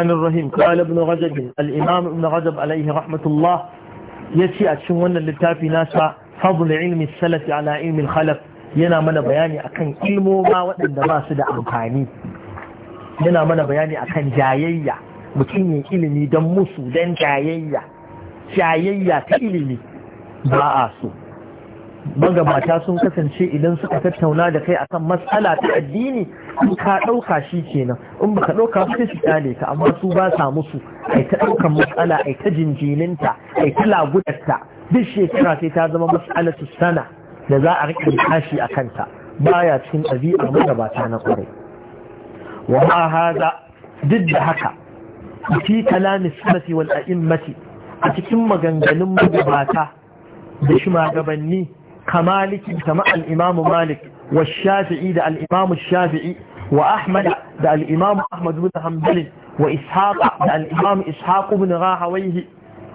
الرحمن الرحيم قال ابن رجب الإمام ابن رجب عليه رحمة الله يسي أتشون للتافي ناسا فضل علم السلف على علم الخلف yana mana bayani akan ilmoma waɗanda ba su da amfani yana mana bayani akan jayayya mutum ya ilimi don musu don jayayya jayayya ta ilimi ba a so magabata sun kasance idan suka tattauna da kai akan matsala ta addini in ka ɗauka shi kenan in baka ɗauka su su kyale ka amma su ba sa musu ai ta ɗaukan matsala ai ta jinjininta ai ta lagudarta duk shekara sai ta zama matsala su sana da za a riƙe kashi a kanta baya cikin ɗabi'ar magabata na ƙwarai wa ma haza duk da haka fi kalamis sunnati wal a'immati a cikin maganganun magabata da shi magabanni kamaliki kama al'imamu malik wa shafi'i da al'imamu shafi'i wa ahmad da al'imamu Ahmadu da hanbali wa ishaq da al'imamu ishaq bin rahawaihi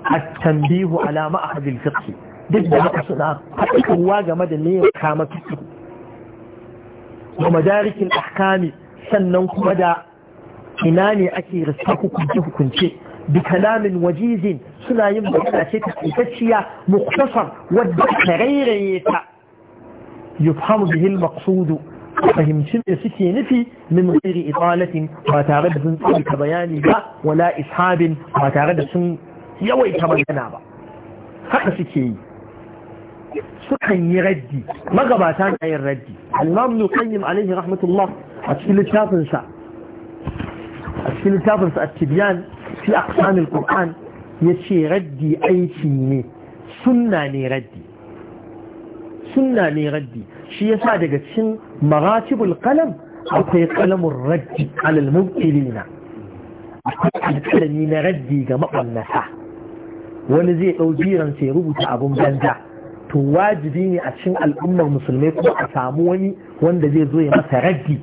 a tambihu alama a al-fiqh duk da haka suna faɗuwa game da ne kama fiqh wa madarikin ahkami sannan kuma da ina ne ake rasa hukunce hukunce بكلام وجيز سنا ينبغي ان تتشيا مختصر والدكرير يفهم به المقصود فهمتم سكي نفي من غير إطالة ما تعرف سن كبياني با ولا إصحاب ما تارد سن يوي كبيانا با haka suke yi sukan yi raddi magabata na yin raddi al-imam nukayyim alaihi rahmatullah a cikin littafinsa a cikin littafinsa a fi aqsamil qur'an ce raddi aiki ne sunna ne raddi sunna ne raddi shi yasa daga cikin maratibul kalam akwai kalamun raddi alal mubtilina akwai alƙalami na raddi ga maɓannata wani zai ɗau jiran sai rubuta abun banza to wajibi ne a cikin al'ummar musulmai kuma a samu wani wanda zai zo ya masa raddi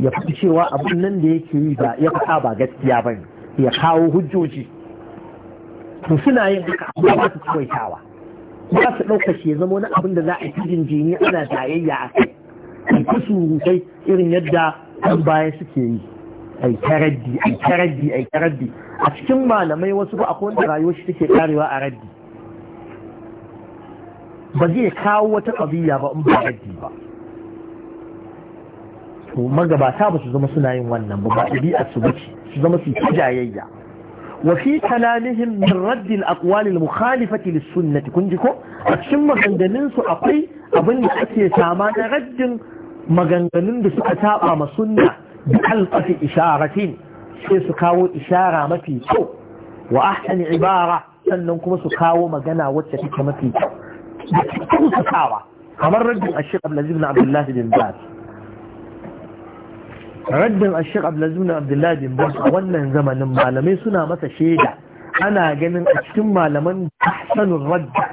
ya fi cewa abun nan da yake yi ba ya faɗa ba gaskiya ba ne ya kawo hujjoji to suna yin haka amma ba su tsawaitawa ba su ɗauka ya zama wani abin da za a yi jini ana tayayya a kai a surutai irin yadda ɗan baya suke yi ai taraddi ai taraddi taraddi a cikin malamai wasu ba akwai wanda rayuwar shi take karewa a raddi ba zai kawo wata ƙabila ba in ba raddi ba to magabata ba su zama suna yin wannan ba ba ɗabi'a su bace su zama su ta jayayya wa fi kalamihim min raddil aqwal al mukhalifati lis sunnati kun ji ko a cikin maganganun su akwai abin da ake sama na raddin maganganun da suka saba ma sunna bi alqati isharatin sai su kawo ishara mafi kyau wa ahsan ibara sannan kuma su kawo magana wacce take mafi kyau da kamar raddin ashiq abdulaziz bin abdullahi bin baz raddin ashir abdullahi bin bas a wannan zamanin malamai suna masa shaida ana ganin a cikin malaman ahsanul radda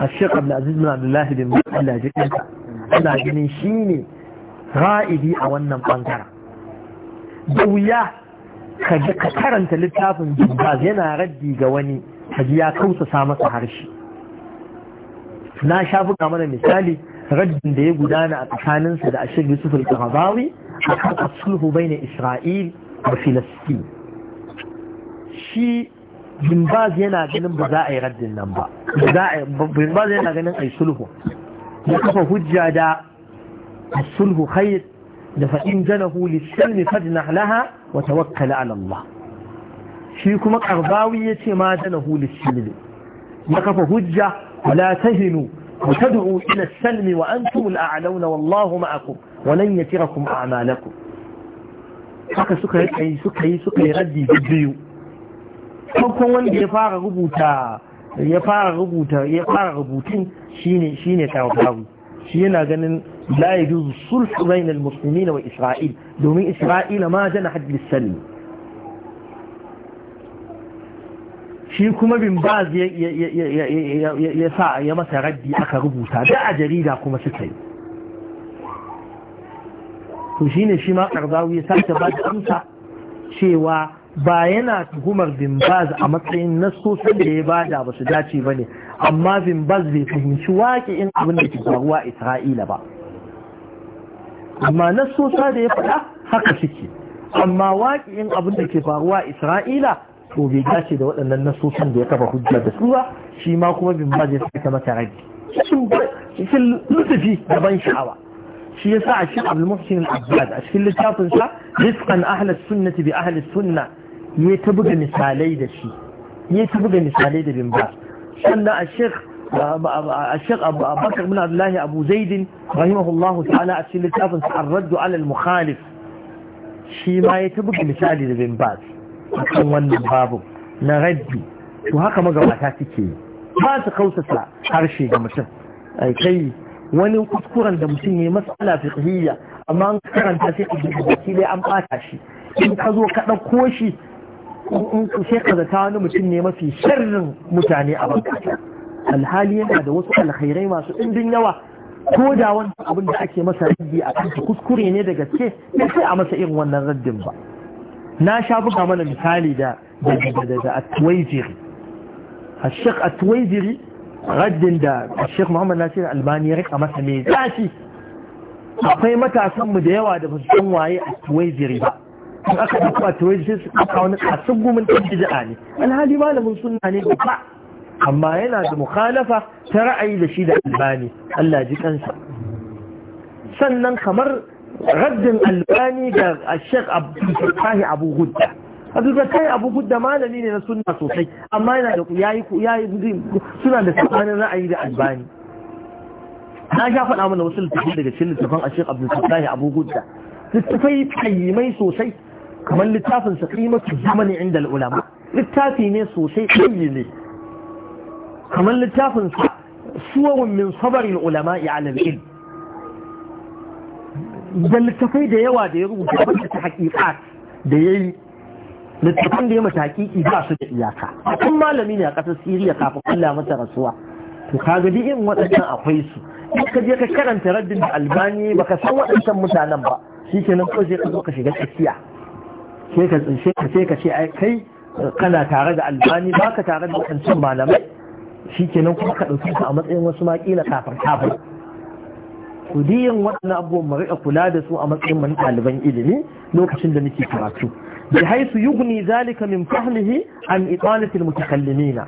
ashir abdullahi bin bas Allah ana ganin shine ra'idi a wannan bangara da wuya ka karanta littafin Jibbaz yana raddi ga wani kaji ya kausa masa harshe na sha buga mana misali raddin da ya gudana a tsakaninsa da ashir yusuf al-qahabawi حقق الصلح بين إسرائيل وفلسطين شيء bin baz yana ganin ba za bin baz yana ganin a yi sulhu ya kafa hujja da sulhu khair da fa'in janahu lissalmi fadnah laha wa tawakkala ala Allah shi kuma karbawi ya ce ma janahu lissalmi ya kafa hujja wala tahinu wa tad'u ila salmi wa antum al-a'launa wallahu ma'akum walan ya tira kuma a'malakum haka suka yi suka yi suka yi raddi biyu farkon wanda ya fara rubuta ya fara rubuta ya fara rubutun shine shine tawawi shi yana ganin la yajuzu sulh bainal muslimin wa isra'il domin isra'ila ma jana hadd lisan shi kuma bin baz ya sa ya masa raddi aka rubuta da a jarida kuma suka yi to ne shi ma ya sake ba da amsa cewa ba yana tuhumar bimbaz a matsayin sosai da ya bada ba su dace ba ne amma bimbaz bai fahimci waƙe in abin da ke faruwa isra'ila ba amma nasosa da ya faɗa haka suke amma waƙe in abin da ke faruwa isra'ila to bai dace da waɗannan nasosin da ya kafa hujja da su ba shi ma kuma bimbaz ya sake mata rabi cikin lutufi da ban sha'awa shi ya sa a cikin abulmuhsinin abbad a cikin littafinsa rizkan ahalar sunna ta bi ahalar sunna ya ta buga misalai da shi ya ta buga misalai da bimba sannan a shek abubakar muna lahi abu zaidin rahimahullahu ta'ala a cikin littafinsa an raddu alal mukhalif shi ma ya ta buga misali da bimba a kan wannan babu na raddi, to haka magabata suke ba su kausa harshe ga mutum kai wani kuskuren da mutum ya matsala fiqhiyya amma an karanta sai ka ji baki dai an bata shi in ka zo ka ɗauko shi sai ka zata wani mutum ne mafi sharrin mutane a banka alhali yana da wasu alkhairai masu ɗimbin yawa ko da wani abin da ake masa rabbi a kan kuskure ne da gaske ne sai a masa irin wannan raddin ba na sha buga mana misali da da da da atwaijiri ashek raddin da Sheikh Muhammad Nasir Albani ya rika masa mai zafi akwai matasanmu da yawa da ba su san waye a Tuwaiziri ba in aka dauko a Tuwaiziri su ɗauka wani kasin gumin ɗan bid'a ne alhali malamin sunna ne ba amma yana da mukhalafa ta ra'ayi da shi da Albani Allah ji kansa sannan kamar raddin Albani da Sheikh Abdul Fattah Abu Hudda a kai abu gudda malami ne na sunna sosai amma yana da yayi yayi suna da tsakanin ra'ayi da albani na sha faɗa mana wasu littafin daga cikin littafin ashir abdulsallahi abu gudda littafai kayyimai sosai kamar littafin sa qimatu zamani inda ulama littafi ne sosai kayyime kamar littafin sa suwarun min sabarin ulama ya alal da littafai da yawa da ya rubuta wacce ta hakikat da ya yi littattafan da ya mataki ba su da iyaka kun malami ne a ƙasar siriya kafin Allah masa rasuwa to ka ga irin waɗannan akwai su in ka je ka karanta raddin da albani ka san waɗancan mutanen ba shikenan ko sai ka zo ka shiga tsakiya sai ka tsinshe ka sai ka ce ai kai kana tare da albani baka tare da waɗancan malamai shikenan kuma ka ɗauki su a matsayin wasu maƙila kafin kafin ku diyin waɗannan abubuwan mu riƙa kula da su a matsayin mu ɗaliban ilimi lokacin da muke karatu بحيث يغني ذلك من فهمه عن إطالة المتكلمين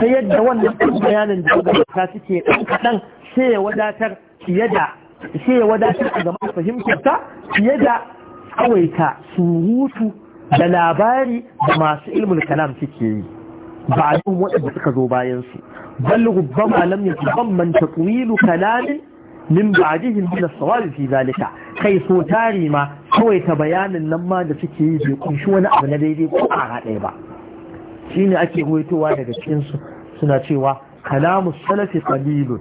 سيد wannan بيان الدولة كاسكي كتن سي وداتر يدع سي وداتر إذا ما فهمت يدع أويك سوروت da labari da masu ilmul kalam suke yi ba a yin suka zo bayansu bal rubba malam ya zuban man tatwilu kalamin min zalika kai so tari ma kawai ta bayanin nan ma da suke yi bai kunshi wani abu na daidai ko a ɗaya ba Shi ne ake ruwaitowa daga cikinsu suna cewa kalamun salafi na qalilun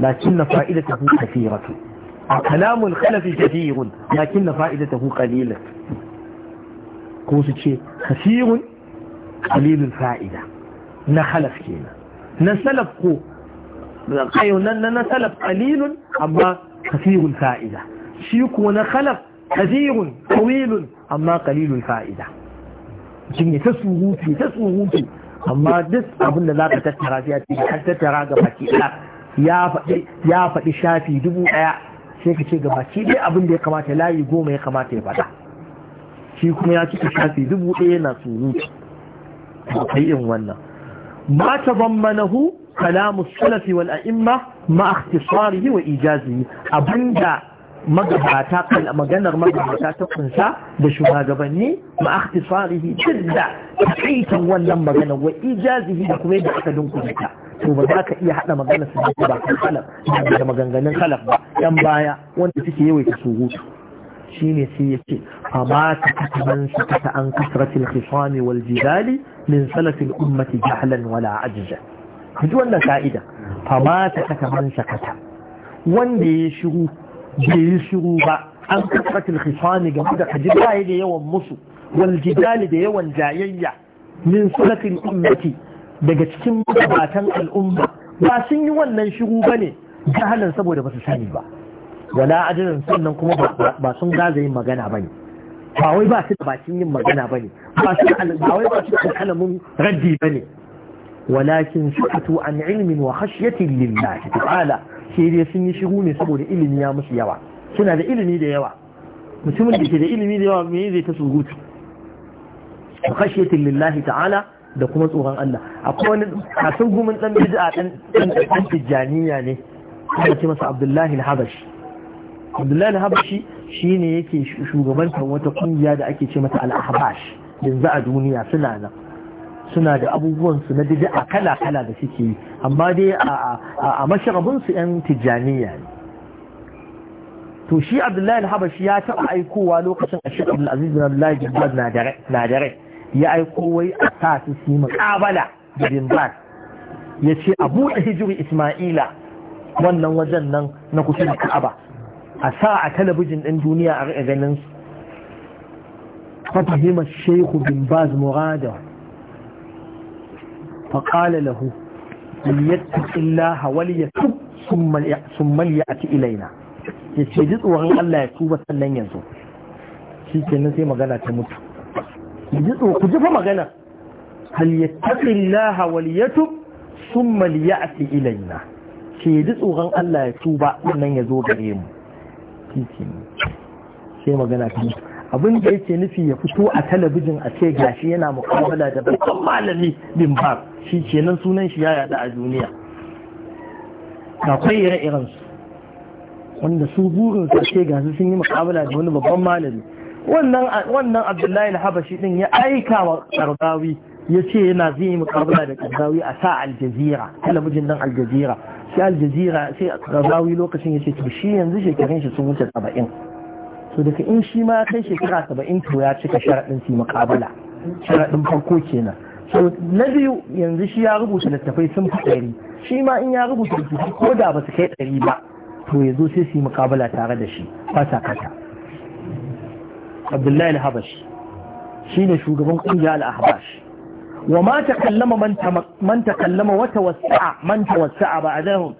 lakinna fa'idatuhu kathiratu kalamu al-khalafi kathirun lakinna fa'idatuhu qalilan ko su ce kathirun qalilul fa'ida na khalaf kenan na salaf ko na salaf qalilun amma kathirul fa'ida shi ko na khalaf كثير طويل أما قليل الفائدة جنة تسوغوتي تسوغوتي أما دس أبن لا تترى فياتي حتى ترى قبكي لا يا فدي شافي دبو أيا شيك شيك قبكي دي أبن دي قماتي لا يقوم يقماتي بدا shi kuma ya cika shafi dubu ɗaya na surutu a kai in wannan ma ta bammanahu kalamu salafi wal a'imma ma ikhtisarihi wa ijazihi abinda magabata maganar magabata ta kunsa da shugabanni ma akhtisarihi tidda aikin wannan magana wa ijazihi da kuma yadda aka dunkule ta to ba za ka iya hada magana su da ba kalaf da maganganun kalaf ba yan baya wanda suke yawaita surutu shine sai yace amma ta kaman su ta an kasratil khisam wal jidal min salafil ummati jahlan wala ajza ji wannan ka'ida fama ta kaman sakata wanda ya shiru bai yi shiru ba an kasratul khisani game da kajibai da yawan musu waljidali da yawan jayayya min sulatin ummati daga cikin mabatan al'umma ba sun yi wannan shiru bane jahalan saboda ba su sani ba wala ajalan sannan kuma ba sun gaza yin magana bane ba wai ba su da bakin yin magana bane ba ba su da kalamin raddi bane walakin sukatu an ilmin wa khashyati lillahi ta'ala sai dai sun yi shiru ne saboda ilimi ya musu yawa suna da ilimi da yawa mutumin da ke da ilimi da yawa me zai ta surutu khashiyatin lillahi ta'ala da kuma tsoron Allah akwai wani kasan gumin dan bid'a dan dan tijaniya ne ana ce masa Abdullahi al-Habashi Abdullahi al-Habashi shine yake shugabantar wata kungiya da ake ce mata al yanzu a duniya suna nan suna da abubuwansu na a kala-kala da suke yi amma dai a masharabinsu 'yan tijjaniya ne to shi abdullahi al-habashi ya taɓa aikowa lokacin a shirin al'aziz bin abdullahi bin na dare ya aiko wai a sa su su yi makabala da bin ya ce a buɗe hijiri ismaila wannan wajen nan na kusa da ka'aba a sa a talabijin ɗin duniya a ganin su fa fahimar shehu bin baz فقال له ليتق الله وليتب ثم يأتي إلينا yace ji tsoron Allah ya tuba sannan yanzu shi nan sai magana ta mutu ji ku ji fa magana hal yattaqillaha wal yatub thumma liya'ti ilaina ce ji tsoron Allah ya tuba sannan ya zo gare mu shi kenan sai magana ta mutu abin da yake nufi ya fito a talabijin a ce gashi yana mukamala da babban malami bin bar shi kenan sunan shi ya yada a duniya akwai ire-iren su wanda su burin su ce gashi sun yi mukamala da wani babban malami wannan abdullahi habashi din ya aika wa karbawi ya ce yana zai yi mukabula da karbawi a sa aljazira talabijin nan aljazira sai aljazira sai karbawi lokacin ya ce to shi yanzu shekarun shi sun wuce saba'in to daga in shi ma kai shekara saba'in to ya cika sharaɗin su muƙabala sharaɗin farko kenan so na biyu yanzu shi ya rubuta littafai sun fi ɗari shi ma in ya rubuta littafai ko da ba su kai ɗari ba to ya zo sai su yi muƙabala tare da shi ba sa kata abdullahi al-habashi shi ne shugaban ƙungiyar al-habashi wa ma takallama man takallama wa tawassa'a man tawassa'a ba'dahum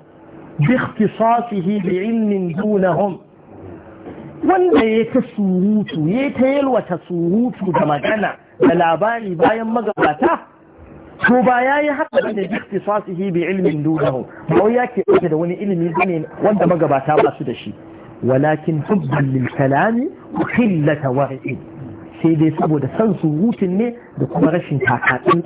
bi ikhtisasihi bi ilmin dunahum wanda ya ta surutu ya ta yalwata surutu da magana da labari bayan magabata to ba ya yi haka da iktisasihi bi ilmin dunahu ba wai yake ɗauke da wani ilimi ne wanda magabata ba su da shi walakin hubban lil kalami khillata sai dai saboda san surutun ne da kuma rashin takatsin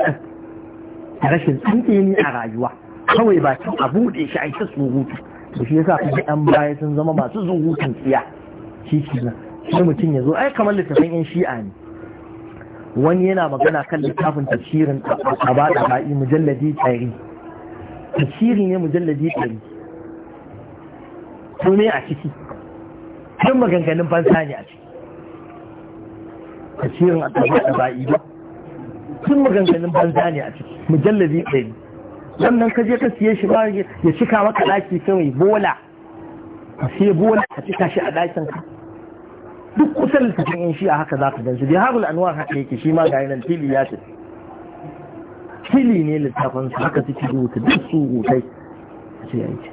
rashin tsantseni a rayuwa kawai baki a buɗe shi a yi ta surutu to shi yasa kuma ɗan baya sun zama masu surutun tsiya shi na, sai mutum ya zo ai kamar littafin yan shi'a ne wani yana magana kan littafin tafsirin a ba da ba'i mujalladi tsari tafsiri ne mujalladi tsari to ne a ciki duk maganganun banza ne a ciki tafsirin a ba da ba'i ba tun maganganun banza ne a ciki mujalladi tsari Wannan ka je ka siye shi ba ya cika maka daki kawai bola ka siye bola ka cika shi a ɗakin ka duk kusan littafin in shi a haka za ka gan su biharul anwar haka yake shi ma ga tili fili ya ce fili ne littafin su haka suke rubuta duk su rubutai a ce yanki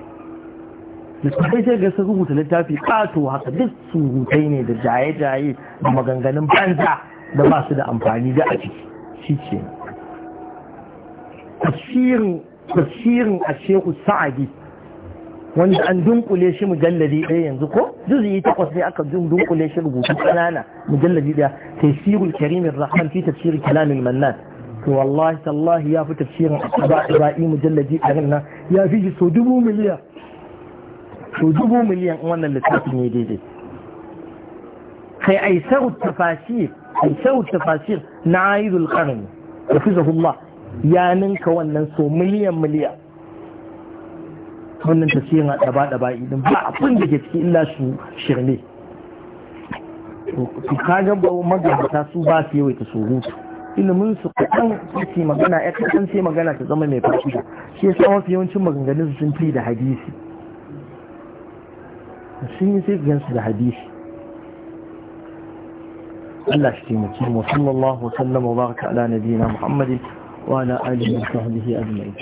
littafai sai ga su rubuta littafi kato haka duk su rubutai ne da jaye-jaye da maganganun banza da ba su da amfani da a ciki shi ce tafsirin tafsirin a shehu sa'adi wanda an dunkule shi mujalladi ɗaya yanzu ko juzuyi takwas ne aka dunkule shi rubutu ƙanana mujalladi ɗaya tafsirul karimin rahman fi tafsir kalamil mannan to wallahi tallahi ya fi tafsirin ba'i mujalladi ɗarin nan ya fi shi so dubu miliyan so dubu miliyan wannan littafin ne daidai kai ai aisaru tafasir aisaru tafasir na ayyul qarni hafizahullah ya ninka wannan so miliyan miliyan wannan ta a ɗaba-ɗaba idan ba abin da ke ciki illa su shirme su kaga ba magabata su ba su yawaita surutu ilimin su kaɗan su magana ya kan sai magana ta zama mai da shi ya sa mafi yawancin maganganun su sun fi da hadisi sun yi sai gansu da hadisi Allah shi taimaki mu sallallahu wa sallama wa baraka ala nabiyina Muhammadin wa ala alihi wa sahbihi ajma'in